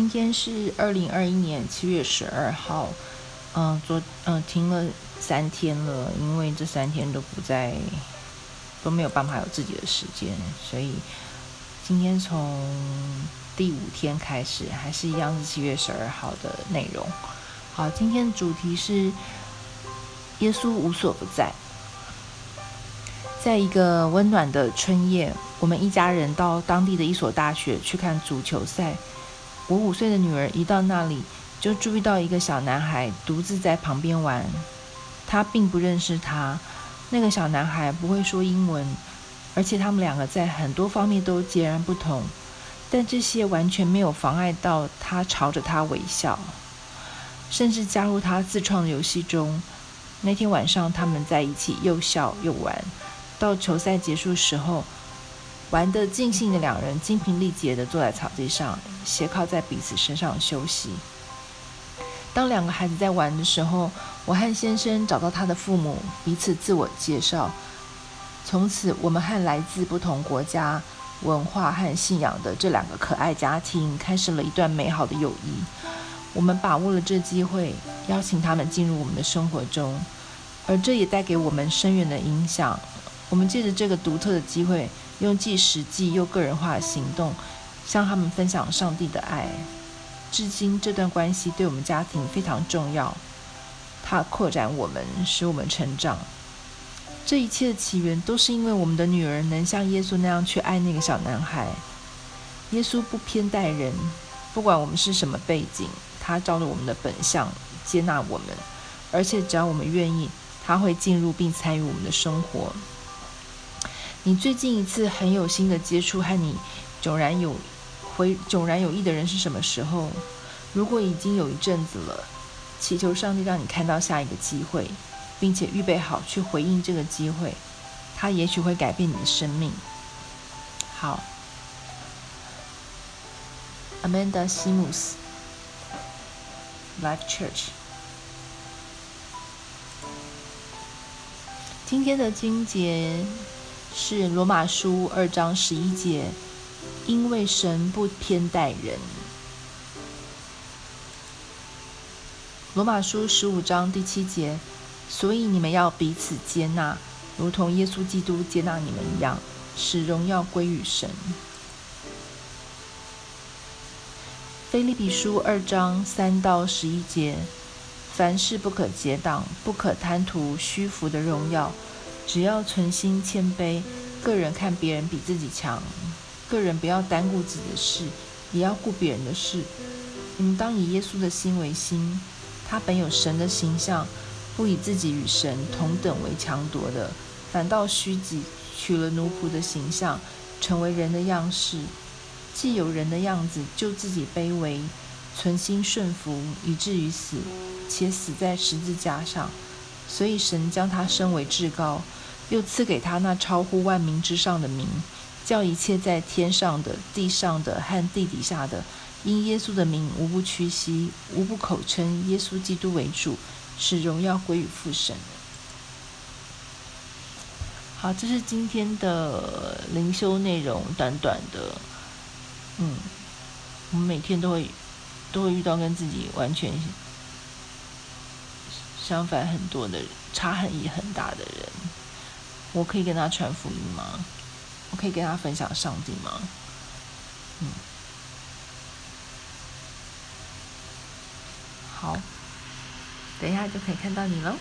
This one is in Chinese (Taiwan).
今天是二零二一年七月十二號，嗯，昨嗯停了三天了，因為這三天都不在，都沒有辦法有自己的時間，所以今天從第五天開始，還是一樣是七月十二號的內容。好，今天的主題是耶穌無所不在。在一個溫暖的春夜，我們一家人到當地的一所大學去看足球賽。我五歲的女兒一到那裡，就注意到一個小男孩獨自在旁邊玩。她並不認識他，那個小男孩不會說英文，而且他們兩個在很多方面都截然不同。但這些完全沒有妨礙到她朝着他微笑，甚至加入他自創的遊戲中。那天晚上，他們在一起又笑又玩，到球賽結束時候。玩得盡興的兩人精疲力竭地坐在草地上，斜靠在彼此身上休息。當兩個孩子在玩的時候，我和先生找到他的父母，彼此自我介紹。從此，我們和來自不同國家、文化和信仰的這兩個可愛家庭開始了一段美好的友誼。我們把握了這機會，邀請他們進入我們的生活中，而這也帶給我們深遠的影響。我們借着這個獨特的機會，用既實際又個人化的行動，向他們分享上帝的愛。至今，這段關係對我們家庭非常重要。它擴展我們，使我們成長。這一切的起源都是因為我們的女兒能像耶穌那樣去愛那個小男孩。耶穌不偏待人，不管我們是什麼背景，他照着我們的本相接納我們。而且，只要我們願意，他會進入並參與我們的生活。你最近一次很有心的接觸和你迥然有回，迥然有異的人是什麼時候？如果已經有一陣子了，祈求上帝讓你看到下一個機會，並且預備好去回應這個機會，他也許會改變你的生命。好，Amanda Sims Life Church，今天的經節。是羅馬書二章十一節，因為神不偏待人。羅馬書十五章第七節，所以你們要彼此接納，如同耶穌基督接納你們一樣，使榮耀歸於神。腓立比書二章三到十一節，凡事不可結黨，不可貪圖虛浮的榮耀。只要存心謙卑，個人看別人比自己強，個人不要單顧自己的事，也要顧別人的事。你、嗯、們當以耶穌的心為心，他本有神的形象，不以自己與神同等為強奪的，反倒虛己，取了奴僕的形象，成為人的樣式。既有人的樣子，就自己卑微，存心順服，以至於死，且死在十字架上。所以神將他升為至高。又賜給他那超乎萬民之上的名，叫一切在天上的、地上的和地底下的，因耶穌的名無不屈膝，無不口稱耶穌基督為主，使榮耀歸於父神。好，這是今天的靈修內容，短短的。嗯，我們每天都會都會遇到跟自己完全相反很多的、差異也很大的人。我可以跟他傳福音嗎？我可以跟他分享上帝嗎？嗯，好，等一下就可以看到你嘍。